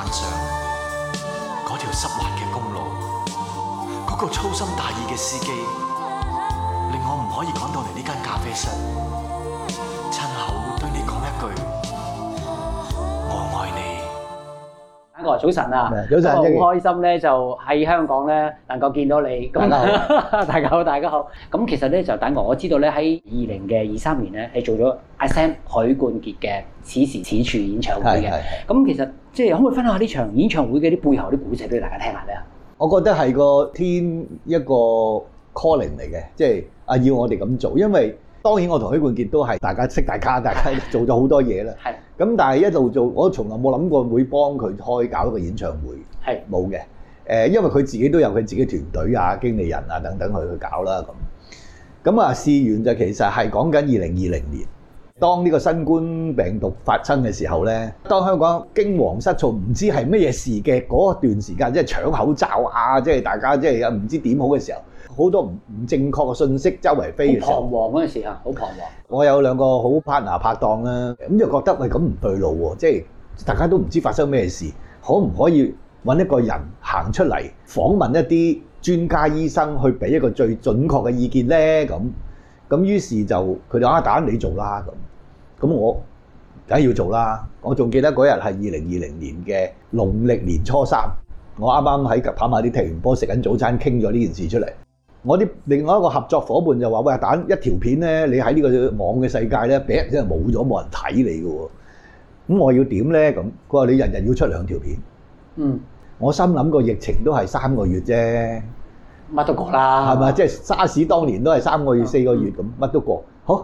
晚上嗰條濕滑嘅公路，嗰個粗心大意嘅司機，令我唔可以趕到嚟呢間咖啡室，親口對你講一句我愛你。旦哥，早晨啊！早晨上，我好開心咧，就喺香港咧能夠見到你。咁的， 大家好，大家好。咁其實咧就，旦哥，我知道咧喺二零嘅二三年咧，係做咗阿 Sam 許冠傑嘅此時此處演唱會嘅。咁的其實。即係可唔可以分享下呢場演唱會嘅啲背後啲故事俾大家聽下咧？我覺得係個天一個 calling 嚟嘅，即係啊要我哋咁做，因為當然我同許冠傑都係大家識大家，大家做咗好多嘢啦。係咁，但係一路做，我從來冇諗過會幫佢開搞一個演唱會。係冇嘅，誒，因為佢自己都有佢自己的團隊啊、經理人啊等等去去搞啦。咁咁啊，試完就其實係講緊二零二零年。當呢個新冠病毒發生嘅時候呢，當香港驚惶失措，唔知係乜嘢事嘅嗰段時間，即係搶口罩啊，即係大家即係又唔知點好嘅時候，好多唔唔正確嘅信息周圍飛嘅時候，好彷徨嗰陣時啊，好彷徨。我有兩個好 partner 拍檔啦，咁就覺得喂，咁唔對路喎，即係大家都唔知發生咩事，可唔可以揾一個人行出嚟訪問一啲專家醫生，去俾一個最準確嘅意見呢？咁咁於是就佢哋啊，打啱你做啦。咁我梗係要做啦！我仲記得嗰日係二零二零年嘅農曆年初三，我啱啱喺跑馬地踢完波，食緊早餐，傾咗呢件事出嚟。我啲另外一個合作伙伴就話：喂，旦一條片呢，你喺呢個網嘅世界呢，俾人真係冇咗，冇人睇你㗎喎。咁我要點呢？咁佢話：你日日要出兩條片。嗯，我心諗個疫情都係三個月啫，乜都過啦。係咪？即係沙士當年都係三個月、四個月咁，乜都過好。啊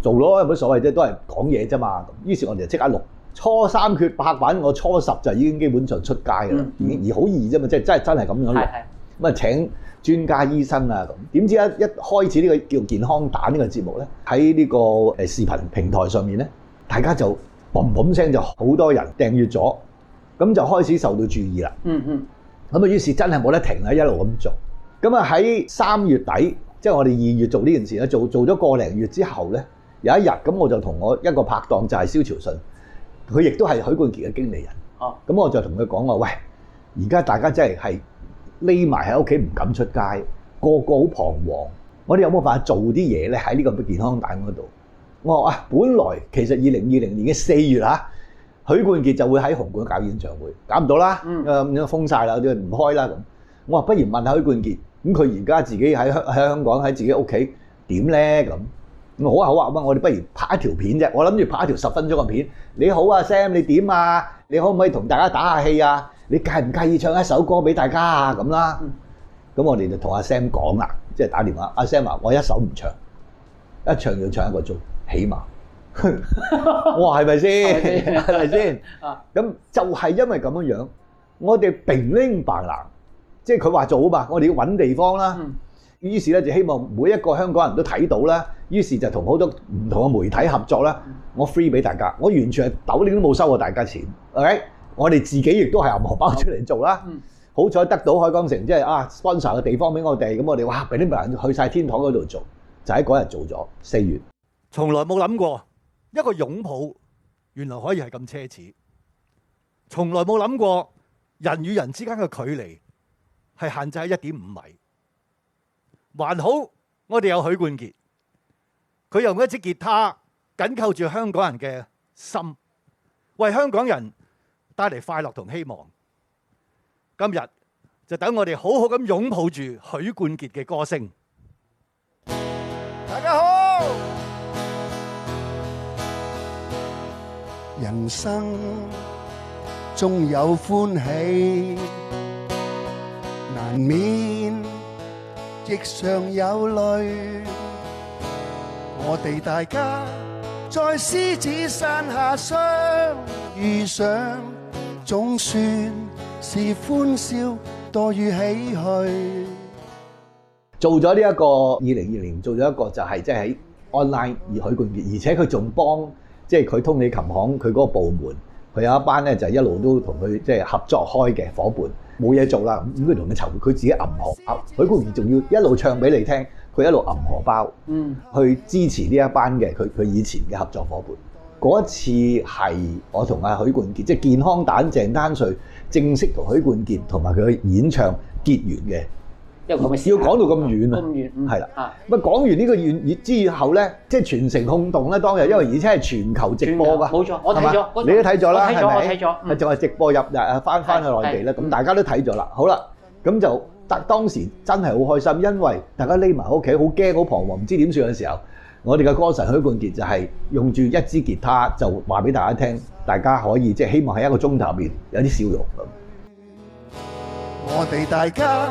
做咯，有乜所謂啫？都係講嘢啫嘛。於是，我哋就即刻錄初三缺拍板，我初十就已經基本上出街啦。嗯、而而好易啫嘛，即係真係真係咁樣咁啊，的請專家醫生啊咁。點知一一開始呢個叫健康蛋呢個節目咧，喺呢個誒視頻平台上面咧，大家就嘣嘣聲就好多人訂閱咗，咁就開始受到注意啦。嗯嗯。咁啊，於是真係冇得停啦，一路咁做。咁啊，喺三月底，即係我哋二月做呢件事咧，做做咗個零月之後咧，有一日咁我就同我一個拍檔就係蕭朝信，佢亦都係許冠傑嘅經理人。哦，咁我就同佢講話，喂，而家大家真係係匿埋喺屋企，唔敢出街，個個好彷徨。我哋有冇辦法做啲嘢咧？喺呢個健康大廳度，我話啊，本來其實二零二零年嘅四月啊，許冠傑就會喺紅館搞演唱會，搞唔到啦，誒、嗯嗯、封晒啦，啲唔開啦咁。我話不如問下許冠傑。咁佢而家自己喺香香港喺自己屋企點咧咁咁好啊，好啊，咁我哋不如拍一條片啫。我諗住拍一條十分鐘嘅片。你好啊 Sam，你點啊？你可唔可以同大家打下氣啊？你介唔介意唱一首歌俾大家啊？咁啦。咁我哋就同阿 Sam 講啦，即係打電話。阿、嗯啊、Sam 話：我一首唔唱，一唱要唱一個鐘，起碼。我話係咪先？係咪先？咁就係因為咁樣樣，我哋平拎白拿。即係佢話做啊嘛，我哋要揾地方啦。嗯、於是咧就希望每一個香港人都睇到啦。於是就同好多唔同嘅媒體合作啦。嗯、我 free 俾大家，我完全係豆你都冇收過大家錢，OK，我哋自己亦都係揞荷包出嚟做啦。嗯嗯、好彩得到海港城、就是，即係啊，sponsor 嘅地方俾我哋。咁我哋哇，俾啲人去晒天堂嗰度做，就喺嗰日做咗四月。從來冇諗過一個擁抱原來可以係咁奢侈，從來冇諗過人與人之間嘅距離。係限制喺一點五米，還好我哋有許冠傑，佢用一支結他緊扣住香港人嘅心，為香港人帶嚟快樂同希望。今日就等我哋好好咁擁抱住許冠傑嘅歌聲。大家好，人生中有歡喜，面亦常有淚，我哋大家在獅子山下相遇上，總算是歡笑多於唏噓。做咗呢一個二零二零年做咗一個就係即係喺 online 而許冠傑，而且佢仲幫即係佢通利琴行佢嗰個部門，佢有一班咧就係、一路都同佢即係合作開嘅伙伴。冇嘢做啦，咁佢同佢籌，佢自己揼荷包，許冠傑仲要一路唱俾你聽，佢一路揼荷包，嗯，去支持呢一班嘅佢佢以前嘅合作伙伴。嗰次係我同阿許冠傑，即係健康蛋鄭丹瑞正式同許冠傑同埋佢演唱結緣嘅。要講到咁遠啊，係啦。咁講完呢個遠遠之後咧，即係全城轟動咧。當日，因為而且係全球直播㗎。冇、嗯、錯，我睇咗，吧你都睇咗啦，係咪？咗，就係、嗯、直播入入翻翻去內地咧，咁大家都睇咗啦。好啦，咁就當時真係好開心，因為大家匿埋喺屋企，好驚好彷徨，唔知點算嘅時候，我哋嘅歌神許冠傑就係用住一支吉他就話俾大家聽，大家可以即係希望喺一個鐘頭入面有啲笑容。咁我哋大家。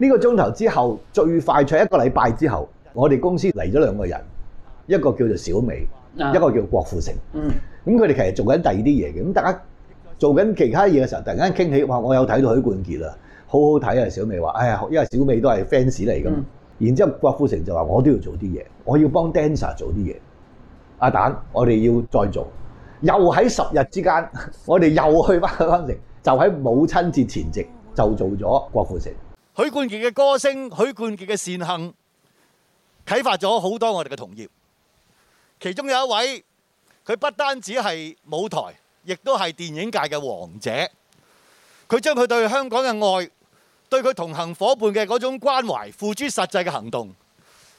呢個鐘頭之後，最快在一個禮拜之後，我哋公司嚟咗兩個人，一個叫做小美，一個叫郭富城。嗯，咁佢哋其實是做緊第二啲嘢嘅。咁大家做緊其他嘢嘅時候，突然間傾起話：我有睇到許冠傑啦，好好睇啊！小美話：哎呀，因為小美都係 fans 嚟㗎。嗯、然之後郭富城就話：我都要做啲嘢，我要幫 dancer 做啲嘢。阿旦，我哋要再做，又喺十日之間，我哋又去翻去灣城，就喺母親節前夕就做咗郭富城。許冠傑嘅歌聲、許冠傑嘅善行，啟發咗好多我哋嘅同業。其中有一位，佢不單止係舞台，亦都係電影界嘅王者。佢將佢對香港嘅愛，對佢同行夥伴嘅嗰種關懷，付諸實際嘅行動，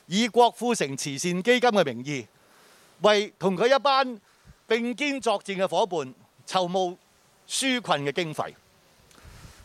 以郭富城慈善基金嘅名義，為同佢一班並肩作戰嘅夥伴籌募紓困嘅經費。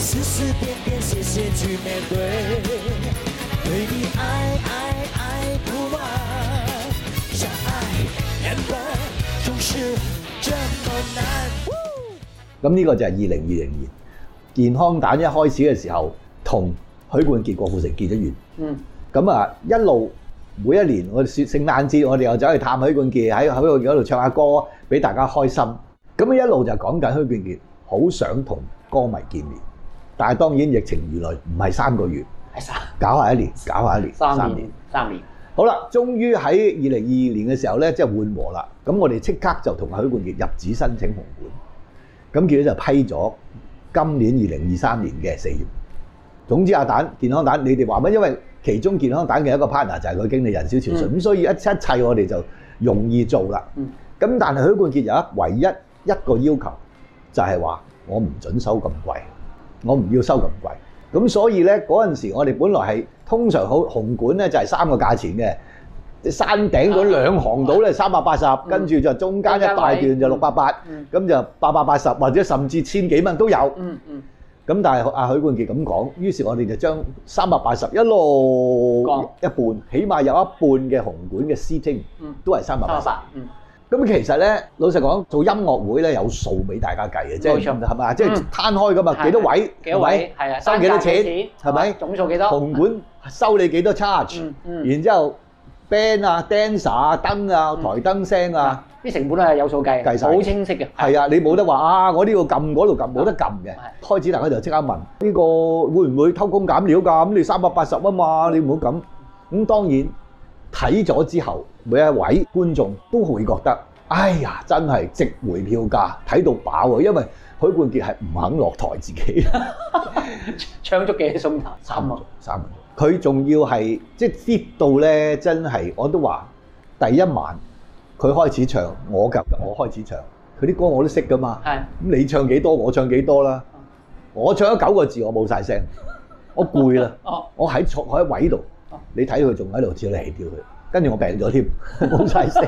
咁呢個就係二零二零年健康蛋一開始嘅時候，同許冠傑、郭富城結咗緣。嗯，咁啊，一路每一年我哋說聖誕節，我哋又走去探許冠傑，喺佢嗰度唱下歌，俾大家開心。咁一路就講緊許冠傑好想同歌迷見面。但係當然，疫情原來唔係三個月，三，搞下一年，搞下一年，三年，三年。三年好啦，終於喺二零二二年嘅時候呢，即係緩和啦。咁我哋即刻就同許冠傑入紙申請紅館，咁結果就批咗今年二零二三年嘅四月。總之阿蛋健康蛋，你哋話乜？因為其中健康蛋嘅一個 partner 就係佢經理人少潮水，咁、嗯、所以一切一切我哋就容易做啦。咁、嗯、但係許冠傑有唯一一個要求，就係話我唔準收咁貴。我唔要收咁貴，咁所以呢嗰時我哋本來係通常好紅館呢就係三個價錢嘅，山頂嗰兩行島呢、嗯，三百八十，跟住就中間一大段就六百八，咁、嗯、就八百八十或者甚至千幾蚊都有。嗯嗯。咁、嗯、但係、啊、阿許冠傑咁講，於是我哋就將三百八十一路降一半，說起碼有一半嘅紅館嘅 c 廳都係三百八十。嗯嗯嗯。咁其實咧，老實講，做音樂會咧有數俾大家計嘅，即係係咪啊？即係攤開㗎嘛，幾多位？幾多位？係啊，收幾多錢？係咪總數幾多？紅館收你幾多 charge？嗯嗯。然之後 band 啊、dancer 啊、燈啊、台燈聲啊，啲成本係有數計計曬，好清晰嘅。係啊，你冇得話啊，我呢度撳，嗰度撳，冇得撳嘅。開始大家就即刻問：呢個會唔會偷工減料㗎？咁你三百八十蚊嘛，你唔好撳。咁當然。睇咗之後，每一位觀眾都會覺得：哎呀，真係值回票價，睇到飽啊！因為許冠傑係唔肯落台自己， 唱咗幾多鐘頭？三萬個，三。佢仲要係即係跌到咧，真係我都話第一晚佢開始唱，我㗎，我開始唱，佢啲歌我都識㗎嘛。係的。咁、嗯、你唱幾多，我唱幾多啦？ 我唱咗九個字，我冇晒聲，我攰啦。哦、 啊。我喺坐喺位度。哦、你睇佢仲喺度跳嚟跳去，跟住我病咗添，冇晒聲。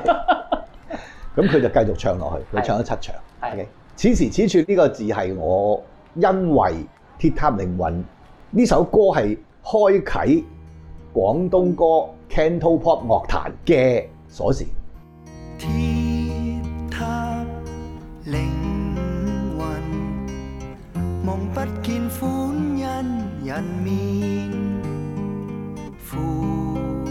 咁佢就繼續唱落去，佢唱咗七場。OK，此時此處呢個字係我因為《鐵塔凌雲》呢首歌係開啟廣東歌 Cantopop 樂壇嘅鎖匙。鐵塔凌雲，望不見歡欣人面。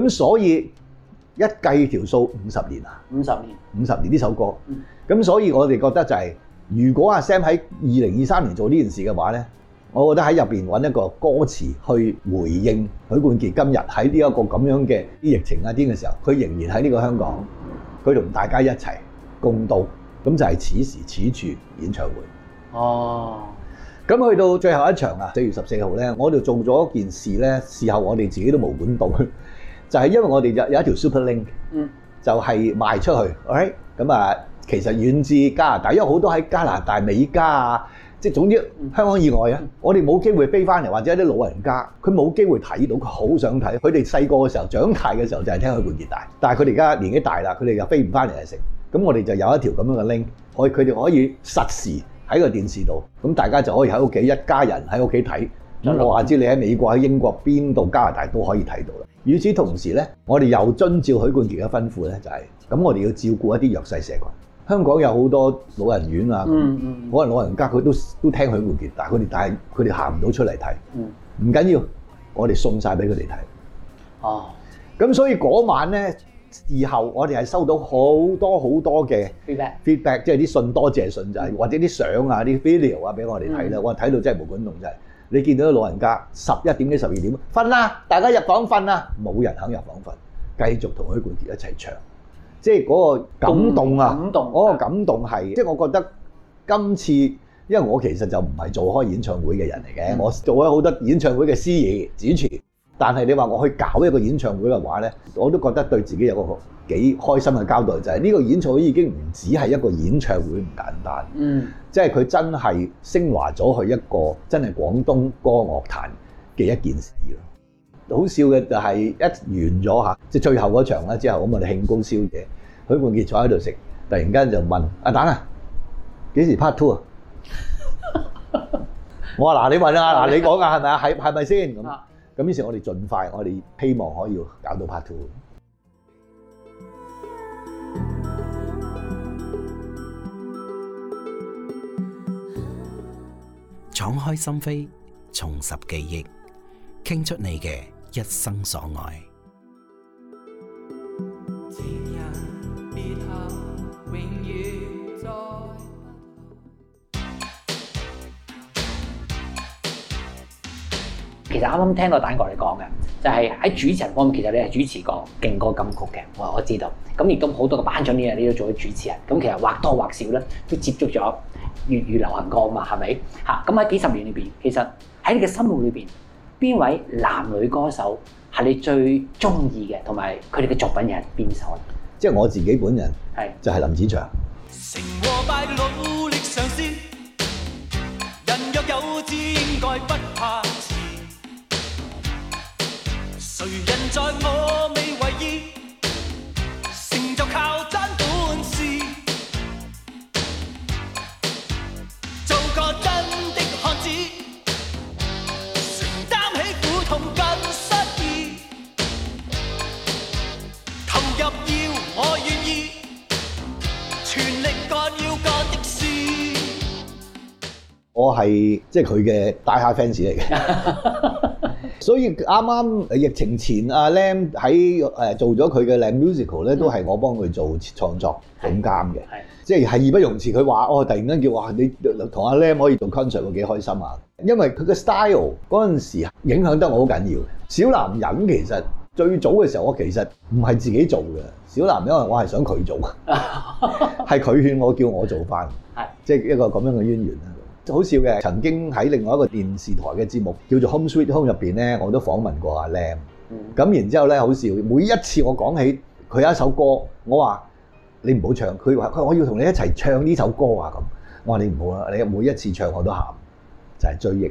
咁所以一計條數五十年啊，五十年，五十年呢首歌。咁、嗯、所以我哋覺得就係、是，如果阿 Sam 喺二零二三年做呢件事嘅話呢，我覺得喺入面揾一個歌詞去回應許冠傑今日喺呢一個咁樣嘅疫情一啲嘅時候，佢仍然喺呢個香港，佢同大家一齊共度，咁就係此時此處演唱會。哦，咁去到最後一場啊，四月十四號呢，我哋做咗一件事呢，事後我哋自己都冇管到。就係因為我哋有有一條 super link，就係賣出去，OK？咁啊，嗯、其實遠至加拿大，因為好多喺加拿大美加啊，即係總之香港以外啊，嗯、我哋冇機會飛翻嚟，或者啲老人家佢冇機會睇到，佢好想睇。佢哋細個嘅時候長大嘅時候就係、是、聽佢越嚟越大，但係佢哋而家年紀大啦，佢哋又飛唔翻嚟嚟食。咁我哋就有一條咁樣嘅 link，我佢哋可以實時喺個電視度，咁大家就可以喺屋企一家人喺屋企睇。咁我話知你喺美國、喺英國邊度、加拿大都可以睇到啦。與此同時咧，我哋又遵照許冠傑嘅吩咐咧，就係咁，我哋要照顧一啲弱勢社群。香港有好多老人院啊，嗯嗯、可能老人家佢都都聽許冠傑，但佢哋佢哋、嗯、係佢哋但係佢哋行唔到出嚟睇，唔緊要，我哋送晒俾佢哋睇。哦、啊，咁所以嗰晚咧，以後我哋係收到好多好多嘅 feed feedback，feedback 即係啲信多謝信就係、係嗯、或者啲相啊、啲 video 啊俾我哋睇啦，嗯、我睇到真係冇管動真係。你見到老人家十一點幾十二點瞓啦，大家入房瞓啦，冇人肯入房瞓，繼續同許冠傑一齊唱，即係嗰個感動啊！感動，嗰個感動係，的即係我覺得今次，因為我其實就唔係做開演唱會嘅人嚟嘅，嗯、我做咗好多演唱會嘅司儀主持，但係你話我去搞一個演唱會嘅話呢，我都覺得對自己有個好。幾開心嘅交代就係、是、呢個演唱會已經唔只係一個演唱會咁簡單，嗯，即係佢真係升華咗去一個真係廣東歌樂壇嘅一件事咯。好笑嘅就係一完咗吓，即係最後嗰場啦之後，咁我哋慶功宵夜，許冠傑坐喺度食，突然間就問阿旦啊，幾時 part two 啊？ 我話嗱你問啊，嗱你講啊，係咪啊？係係咪先咁？咁於是，我哋盡快，我哋希望可以搞到 part two。敞開心扉，重拾記憶，傾出你嘅一生所愛。其實啱啱聽個旦哥嚟講嘅，就係、是、喺主持人方面，其實你係主持過勁歌金曲嘅，我我知道。咁亦都好多嘅頒獎呢，你都做咗主持人。咁其實或多或少咧，都接觸咗粵語流行歌嘛，係咪？嚇、嗯！咁喺幾十年裏邊，其實喺你嘅心目裏邊，邊位男女歌手係你最中意嘅，同埋佢哋嘅作品又係邊首？即係我自己本人，係就係林子祥。是成和敗，努力嘗試先，人若有志，應該不怕。誰人在我未為意，成就靠真本事，做個真的漢子，承擔起苦痛跟失意，投入要我願意，全力幹要幹的事。我係即係佢嘅大下 fans 嚟嘅。所以啱啱疫情前，阿 Lam 喺做咗佢嘅 Lam Musical 咧，都係我幫佢做創作總監嘅。係，即係義不容辭。佢話：「哦，突然間叫哇，你同阿 Lam 可以做 concert，幾開心啊！因為佢嘅 style 嗰陣時影響得我好緊要。小男人其實最早嘅時候，我其實唔係自己做嘅。小男人，因為我係想佢做，係佢 勸我叫我做翻，係即係一個咁樣嘅淵源啦。好笑嘅，曾經喺另外一個電視台嘅節目叫做《Home Sweet Home》入邊咧，我都訪問過阿 Lam，嗯。咁然之後咧，好笑，每一次我講起佢有一首歌，我話你唔好唱，佢話佢我要同你一齊唱呢首歌啊咁。我話你唔好啦，你每一次唱我都喊，就係追憶。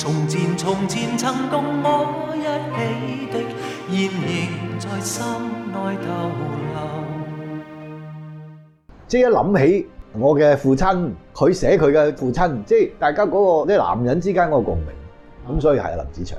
從前從前曾共我一起的，現仍在心內逗留。即係一諗起我嘅父親，佢寫佢嘅父親，即係大家嗰個即係男人之間嗰個共鳴，嗯、噉所以係林子祥。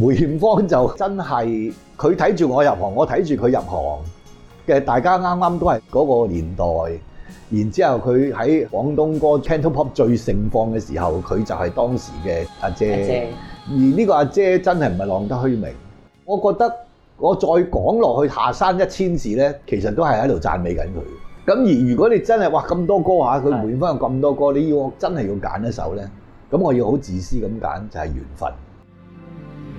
梅艷芳就真係佢睇住我入行，我睇住佢入行嘅。大家啱啱都係嗰個年代，然之後佢喺廣東歌 Cantopop 最盛放嘅時候，佢就係當時嘅阿姐。姐。而呢個阿姐真係唔係浪得虛名。我覺得我再講落去下山一千字呢，其實都係喺度讚美緊佢。咁而如果你真係話咁多歌嚇，佢梅艷芳有咁多歌，你要我真係要揀一首呢？咁我要好自私咁揀就係《緣分》。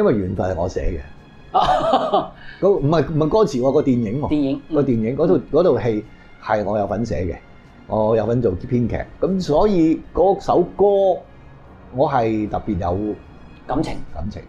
因為原作係我寫嘅，唔係唔係歌詞喎，個電影喎，電影個電影嗰套嗰套戲係我有份寫嘅，我有份做編劇，咁所以嗰首歌我係特別有感情，感情。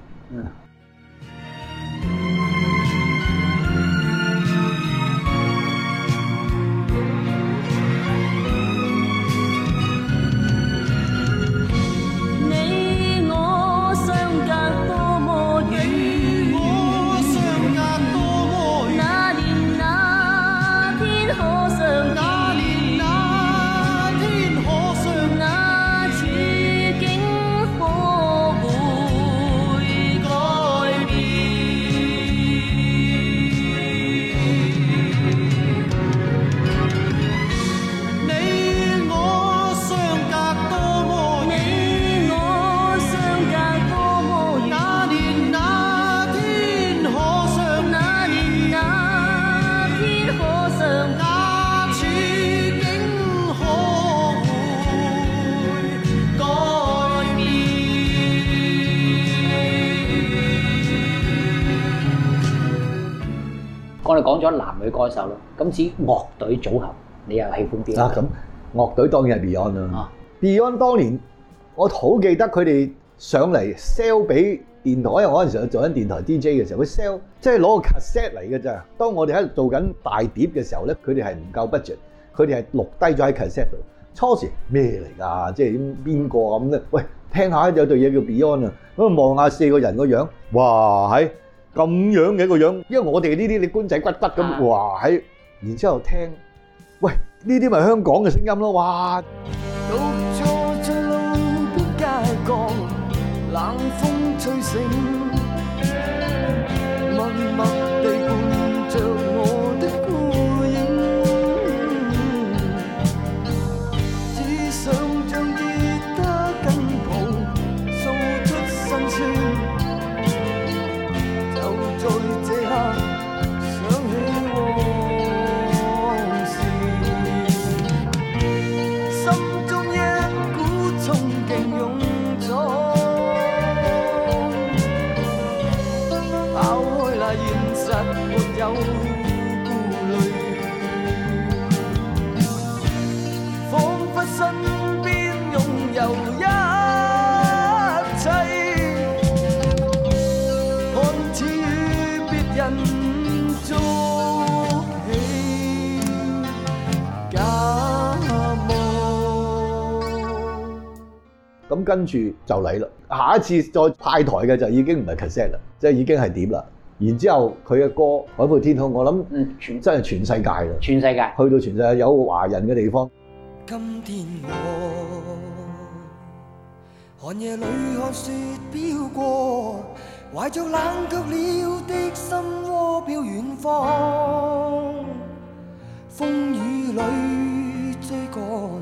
講咗男女歌手咯，今次樂隊組合，你又喜歡邊？啊，咁樂隊當然係 Beyond 啊。Beyond 當年，我好記得佢哋上嚟 sell 俾電台，因為我嗰陣時做緊電台 DJ 嘅時候，佢 sell 即係攞個 cassette 嚟嘅咋。當我哋喺度做緊大碟嘅時候咧，佢哋係唔夠 budget，佢哋係錄低咗喺 cassette 度。初時咩嚟㗎？即係邊個咁咧？喂，聽下有對嘢叫 Beyond 啊，咁望下四個人個樣，哇喺～係咁樣嘅個樣，因為我哋呢啲你官仔骨骨咁話喺，然之後聽，喂，呢啲咪香港嘅聲音咯，哇！獨坐在路邊街角，冷風吹醒跟住就嚟啦，下一次再派台嘅就已經唔係 cassette 啦，即係已經係點啦。然之後佢嘅歌《海闊天空》，我諗嗯，全真係全世界啦，全世界去到全世界有華人嘅地方。今天我寒夜裡看雪飄過，懷著冷卻了的心窩，飄遠方，風雨裡追趕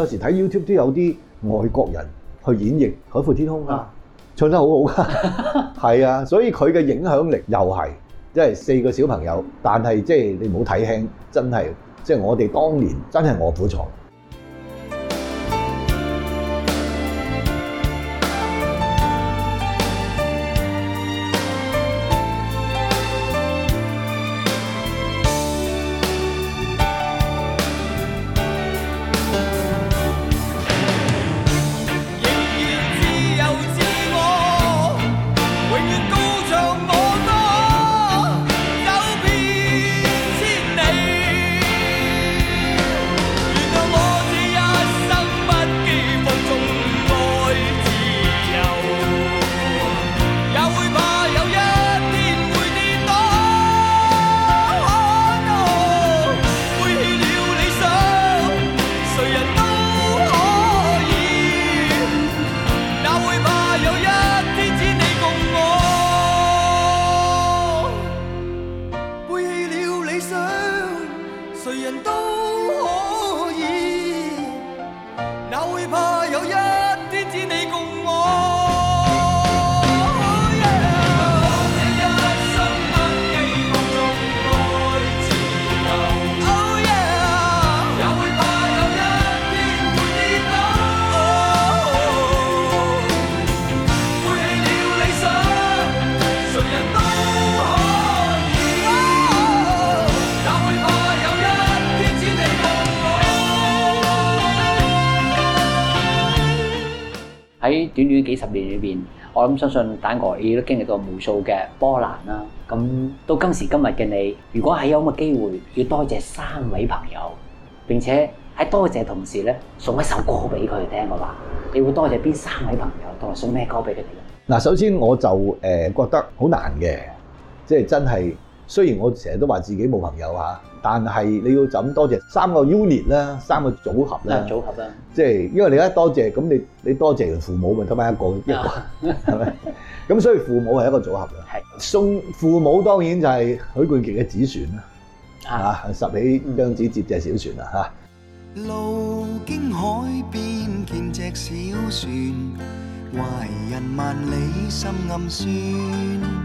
有時睇 YouTube 都有啲外國人去演繹《海闊天空》唱得好好㗎，係啊，所以佢嘅影響力又係，即係四個小朋友，但係即係你唔好睇輕，真係即係我哋當年真係臥虎藏龍。咁相信蛋哥亦都經歷過無數嘅波瀾啦。咁到今時今日嘅你，如果係有咁嘅機會，要多謝三位朋友，並且喺多謝同時咧，送一首歌俾佢哋聽嘅話，你會多謝邊三位朋友，同埋送咩歌俾佢哋咧？嗱，首先我就誒覺得好難嘅，即係真係，雖然我成日都話自己冇朋友嚇。但係你要就咁多謝三個 unit 咧，三個組合咧，組合啦，即係因為你一多謝，咁你你多謝完父母咪多翻一個，係咪、嗯？咁 所以父母係一個組合嘅。送的父母當然就係許冠傑嘅紙,紙船啦，啊拾起張紙折隻小船啊嚇。路經海邊見隻小船，懷人萬里心暗酸。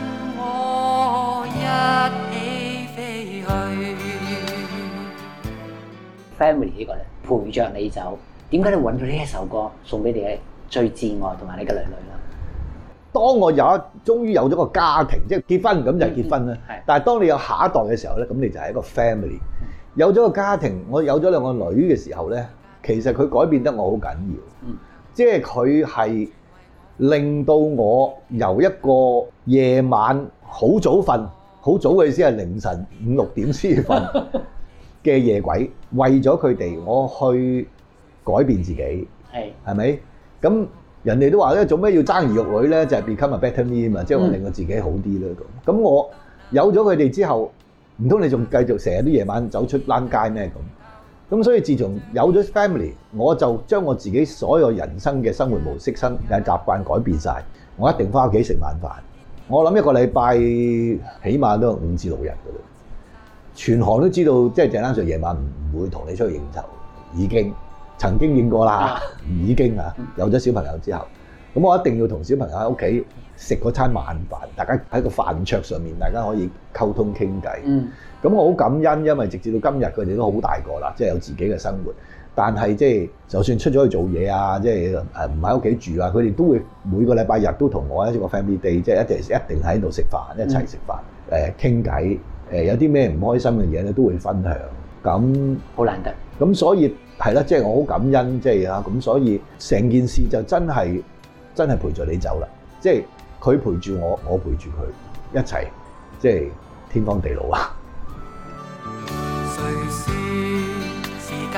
我一起飛去。Family 這個呢個咧，陪着你走。點解你揾到呢一首歌送俾你嘅最摯愛同埋你嘅女女咧？當我有，終於有一，終於有咗個家庭，即係結婚咁就係、結婚啦。嗯嗯係，但係當你有下一代嘅時候呢，咁你就係一個 family。有咗個家庭，我有咗兩個女嘅時候呢，其實佢改變得我好緊要。嗯、即係佢係。令到我由一個夜晚好早瞓，好早嘅意思係凌晨五六點先瞓嘅夜鬼，為咗佢哋，我去改變自己，係係咪？咁人哋都話咧，做咩要生兒育女咧？就係、是、become a better me 啊嘛，即係我令我自己好啲啦。咁、嗯、我有咗佢哋之後，唔通你仲繼續成日啲夜晚走出冷街咩咁？咁所以自從有咗 family，我就將我自己所有人生嘅生活模式，生、生嘅習慣改變晒。我一定翻屋企食晚飯。我諗一個禮拜起碼都係五至六日嘅啦。全行都知道，即係鄭丹瑞夜晚唔會同你出去應酬，已經曾經應過啦，已經啊， 有咗小朋友之後，咁我一定要同小朋友喺屋企食嗰餐晚飯，大家喺個飯桌上面大家可以溝通傾偈。咁我好感恩，因為直至到今日佢哋都好大個啦，即係有自己嘅生活。但係即係就算出咗去做嘢啊，即係唔喺屋企住啊，佢哋都會每個禮拜日都同我一個 family day，即係一定一定喺度食飯，一齊食飯誒，傾偈，有啲咩唔開心嘅嘢咧，都會分享。咁好難得咁，所以係啦，即係我好感恩，即係啊咁，所以成件事就真係真係陪住你走啦。即係佢陪住我，我陪住佢一齊，即係天荒地老啊！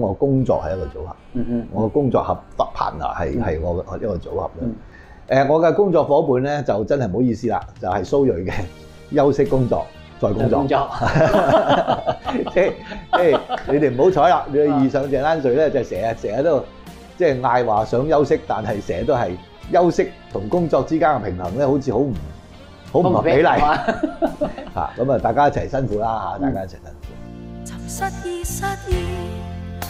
我工作係一個組合，嗯、哼我嘅工作合柏鵬啊，係係、嗯、哼我一個組合嘅。誒、嗯哼呃，我嘅工作伙伴咧，就真係唔好意思啦，就係蘇芮嘅休息工作再工作，即係即係你哋唔好彩啦，你遇上鄭丹瑞咧，就成日成日都即係嗌話想休息，但係成日都係休息同工作之間嘅平衡咧，好似好唔好唔合比例。吓咁啊， 大家一齊辛苦啦吓，嗯、大家一齊辛苦。嗯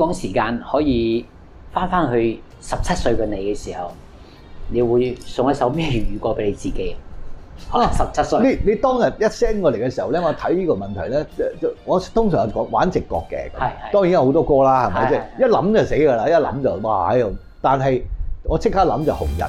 講時間可以翻翻去十七歲嘅你嘅時候，你會送一首咩粵語歌俾你自己？可能十七歲。你你當日一 send 過嚟嘅時候咧，我睇呢個問題咧，我通常係講玩直覺嘅。係是是 當然有好多歌啦，係咪即先？一諗就死噶啦，一諗就哇喺度。但係我即刻諗就紅人。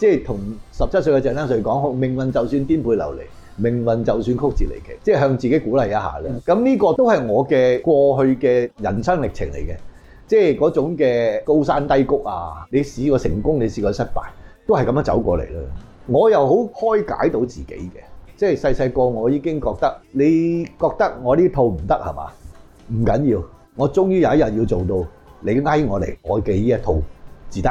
即係同十七歲嘅鄭丹瑞講，好，命運就算顛沛流離，命運就算曲折離奇，即係向自己鼓勵一下咧。咁呢個都係我嘅過去嘅人生歷程嚟嘅，即係嗰種嘅高山低谷啊。你試過成功，你試過失敗，都係咁樣走過嚟啦。我又好開解到自己嘅，即係細細個我已經覺得，你覺得我呢套唔得係嘛？唔緊要，我終於有一日要做到你拉我嚟，我嘅呢一套至得。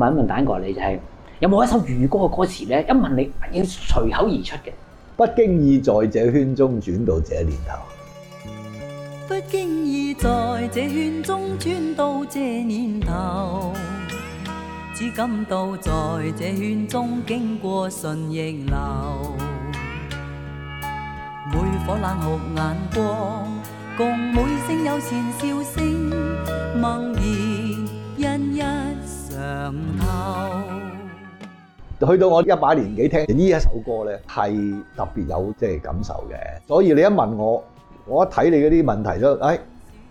問一問旦，打一個嚟就係，有冇一首粵語歌嘅歌詞咧？一問你要隨口而出嘅，不經意在這圈中轉到這年頭，不經意在這圈中轉到這年頭，只感到在這圈中經過順逆流，每顆冷酷眼光，共每聲友善笑聲。去到我一把年紀聽呢一首歌咧，係特別有即係感受嘅。所以你一問我，我一睇你嗰啲問題都，誒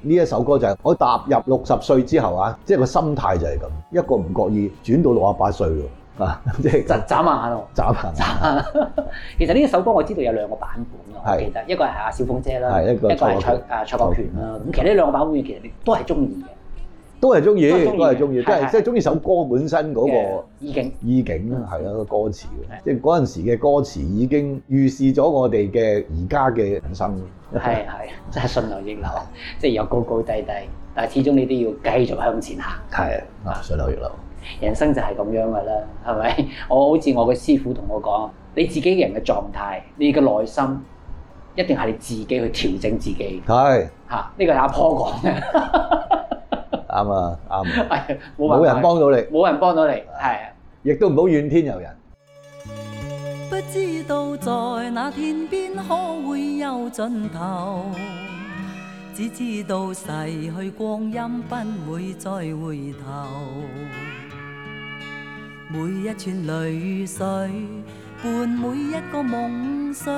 呢一首歌就係我踏入六十歲之後啊，即係個心態就係咁，一個唔覺意轉到六十八歲喎，啊即係眨下眼咯，眨下眨下。 其實呢一首歌我知道有兩個版本，我記得是一個係阿小鳳姐啦，一個係蔡誒蔡國權啦。咁其實呢兩個版本，本其實你都係中意嘅。都係中意，都係中意，都係即係中意首歌本身嗰個意境，意境啦，係一個歌詞嘅，即係嗰陣時嘅歌詞已經預示咗我哋嘅而家嘅人生。係係，真係順流逆流，即係有高高低低，但係始終你都要繼續向前行。係啊，順流逆流，人生就係咁樣噶啦，係咪？我好似我嘅師傅同我講，你自己嘅人嘅狀態，你嘅內心，一定係你自己去調整自己。係。嚇，呢個係阿 Paul 講嘅。啱啊，啱啊，冇人幫到你，冇人幫到你，係啊，亦都唔好怨天尤人。不知道在那天邊可會有盡頭，只知道逝去光陰不會再回頭。每一串淚水伴每一個夢想，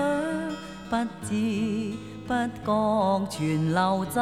不知不覺全溜走。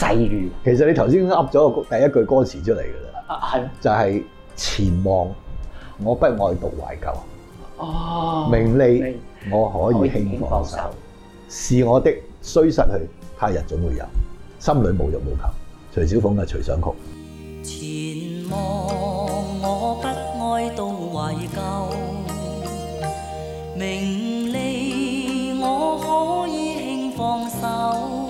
細語，其實你頭先噏咗個第一句歌詞出嚟噶啦，就係前望我不愛到懷舊，名利我可以輕放手，是我的雖失去，他日總會有，心裏無欲無求。徐小鳳嘅《隨想曲》。前望我不愛到懷舊，名利我可以輕放手。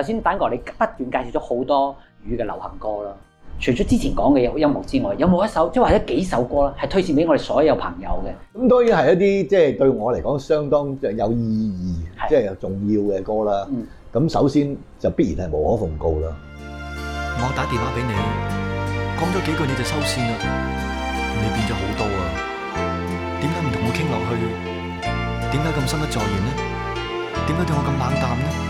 頭先，旦哥你不斷介紹咗好多粵語嘅流行歌啦。除咗之前講嘅音樂之外，有冇一首即係或者幾首歌咧，係推薦俾我哋所有朋友嘅？咁當然係一啲即係對我嚟講相當有意義、即係又重要嘅歌啦。咁首先就必然係無可奉告啦。嗯、我打電話俾你，講咗幾句你就收線啦。你變咗好多啊？點解唔同我傾落去？點解咁心不在焉呢？點解對我咁冷淡呢？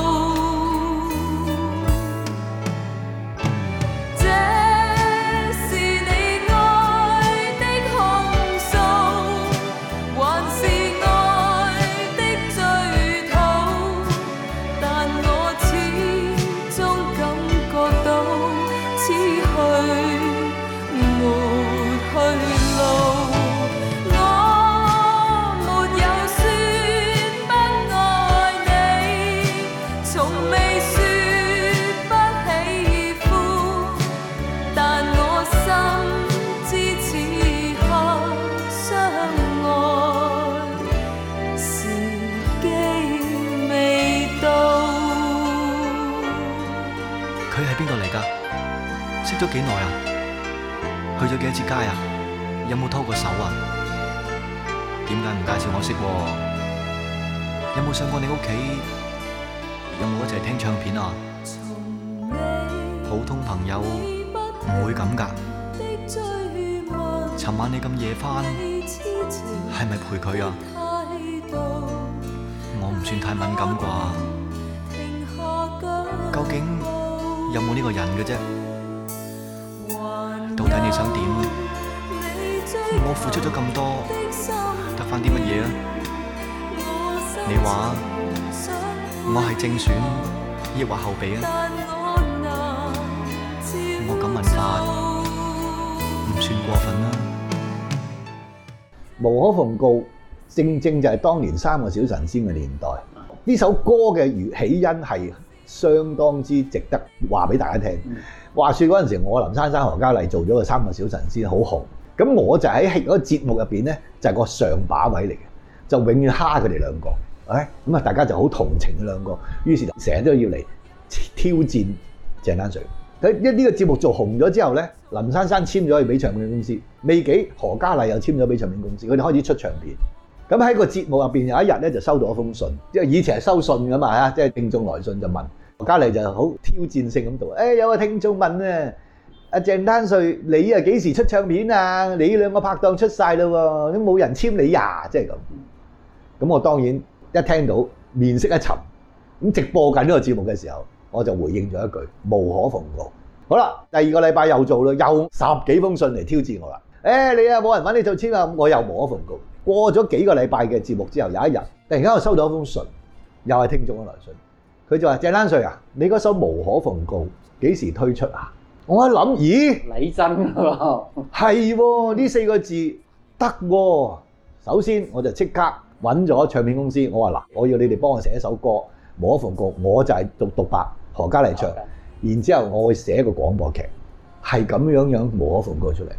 你話我係正選，抑或後備咧？我噉問法唔算過分啦。無可奉告，正正就係當年三個小神仙嘅年代。呢首歌嘅起因係相當之值得話俾大家聽。話説嗰陣時候，我林珊珊、何嘉麗做咗個三個小神仙，好紅。咁我就喺嗰個節目入邊咧，就係個上把位嚟嘅，就永遠蝦佢哋兩個。咁啊，大家就好同情佢兩個，於是就成日都要嚟挑戰鄭丹瑞。喺一呢個節目做紅咗之後咧，林珊珊簽咗去俾唱片公司，未幾何嘉麗又簽咗俾唱片公司，佢哋開始出唱片。咁喺個節目入邊有一日咧，就收到一封信，因為以前係收信噶嘛嚇，即係聽眾來信，就問何嘉麗就好挑戰性咁讀，誒、哎、有個聽眾問啊，阿鄭丹瑞你啊幾時出唱片啊？你兩個拍檔出晒啦喎，都冇人簽你呀、啊，即係咁。咁我當然。一聽到面色一沉，咁直播緊呢個節目嘅時候，我就回應咗一句無可奉告。好啦，第二個禮拜又做啦，又十幾封信嚟挑戰我啦。誒、欸，你呀、啊，冇人揾你做簽啊？我又無可奉告。過咗幾個禮拜嘅節目之後，有一日突然間我收到一封信，又係聽眾嘅來信，佢就話鄭丹瑞啊，你嗰首無可奉告幾時推出啊？我一諗，咦，你真係喎，呢、啊、四個字得喎、啊。首先我就即刻。揾咗唱片公司，我話嗱，我要你哋幫我寫一首歌，無可奉告，我就係讀獨白何嘉麗唱。Okay. 然之後我會寫一個廣播劇，係咁樣樣無可奉告出嚟。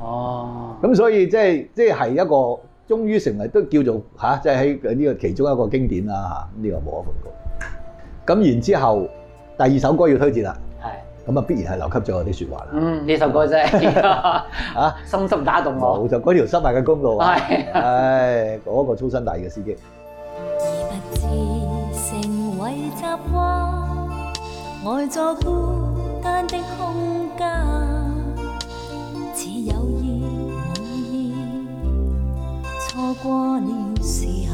哦，咁所以即係即係一個終於成為都叫做嚇，即係喺呢個其中一個經典啦嚇。呢、這個無可奉告。咁然之後第二首歌要推薦啦。咁啊，必然係留給咗我啲說話啦。嗯，呢首歌真係啊深深打動我。冇錯、啊，條、啊啊、條濕滑嘅公路。唉是呀、哎，嗰、嗰個粗心大意嘅司機。已不知成為習慣，呆坐孤單的空間，似有意無意錯過了時候。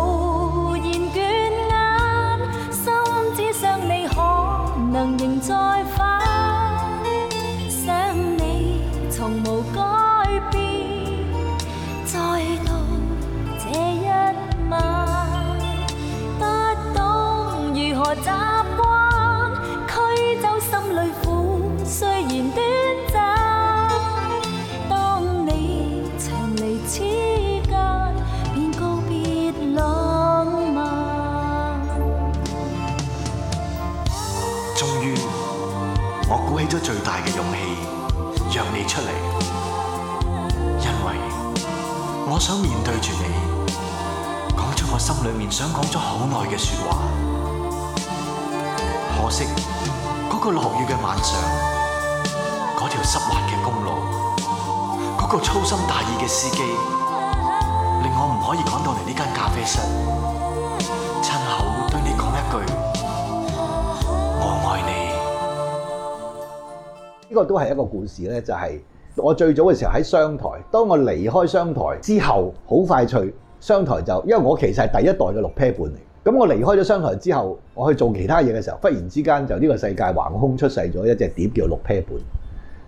我想面對住你，講出我心裏面想講咗好耐嘅説話。可惜嗰、那個落雨嘅晚上，嗰條濕滑嘅公路，嗰、那個粗心大意嘅司機，令我唔可以趕到嚟呢間咖啡室，親口對你講一句我愛你。呢個都係一個故事咧，就係、是。我最早嘅時候喺商台。當我離開商台之後，好快脆商台就因為我其實係第一代嘅六 pair 半嚟嘅。咁我離開咗商台之後，我去做其他嘢嘅時候，忽然之間就呢個世界橫空出世咗一隻碟叫六 pair 半。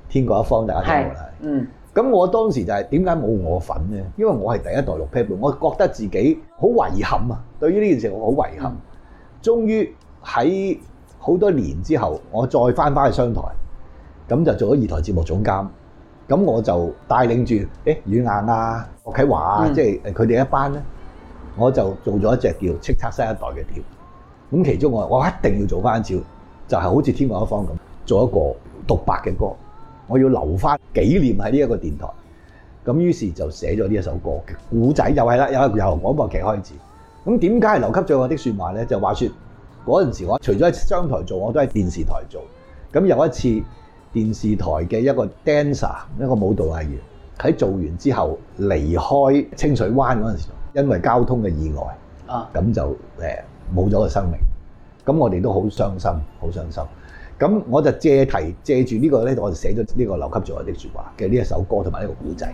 天各一方，大家聽過啦。嗯。咁我當時就係點解冇我份呢？因為我係第一代六 pair 半，我覺得自己好遺憾啊。對於呢件事我好遺憾。嗯、終於喺好多年之後，我再翻返去商台，咁就做咗二台節目總監。咁我就帶領住誒阮毅啊、霍、欸、啟華啊，嗯、即係佢哋一班咧，我就做咗一隻叫《叱咤新一代》嘅碟。咁其中我我一定要做翻照，就係、是、好似天各一方咁，做一個獨白嘅歌，我要留翻紀念喺呢一個電台。咁於是就寫咗呢一首歌嘅古仔，又係啦，又係由廣播劇開始。咁點解係留給最愛的説話咧？就話說嗰陣時我除咗喺商台做，我都喺電視台做。咁有一次。電視台嘅一個 dancer，一個舞蹈藝員喺做完之後離開清水灣嗰陣時，因為交通嘅意外啊，咁就誒冇咗個生命，咁我哋都好傷心，好傷心。咁我就借題借住呢個咧，我就寫咗呢個留給最愛的説話，嘅呢一首歌同埋呢個古仔。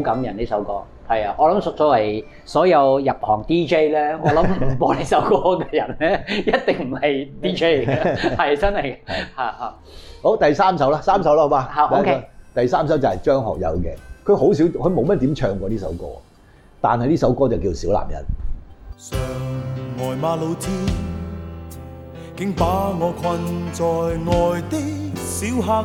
好感人呢首歌，係啊！我諗作作為所有入行 DJ 咧，我諗唔播呢首歌嘅人咧， 一定唔係 DJ，係 真嚟嘅。係啊，好第三首啦，三首啦，好嘛？好 OK。第三首，三首就係張學友嘅，佢好少，佢冇乜點唱過呢首歌，但係呢首歌就叫《小男人》。天，竟把我困在外的小黑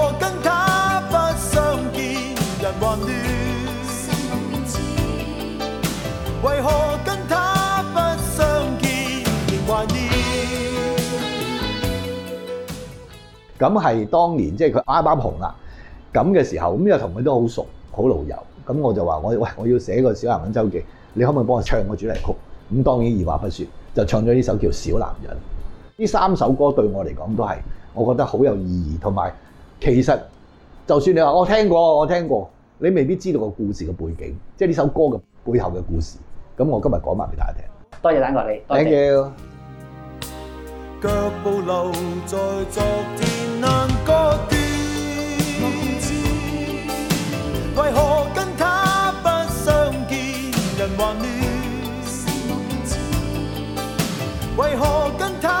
為何跟他不相見仍懷念，咁係當年，即係佢啱啱紅啦，咁嘅時候咁又同佢都好熟，好老友，咁我就話我喂，我要寫個小男人周記，你可唔可以幫我唱個主題曲？咁當然二話不說就唱咗呢首叫《小男人》。呢三首歌對我嚟講都係我覺得好有意義，同埋其實就算你話我聽過，我聽過，你未必知道個故事嘅背景，即係呢首歌嘅背後嘅故事。咁我今日講埋俾大家聽，多謝 Daniel，多謝。Thank you。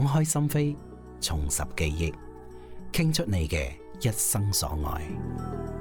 敞開心扉，重拾記憶，傾出你嘅一生所愛。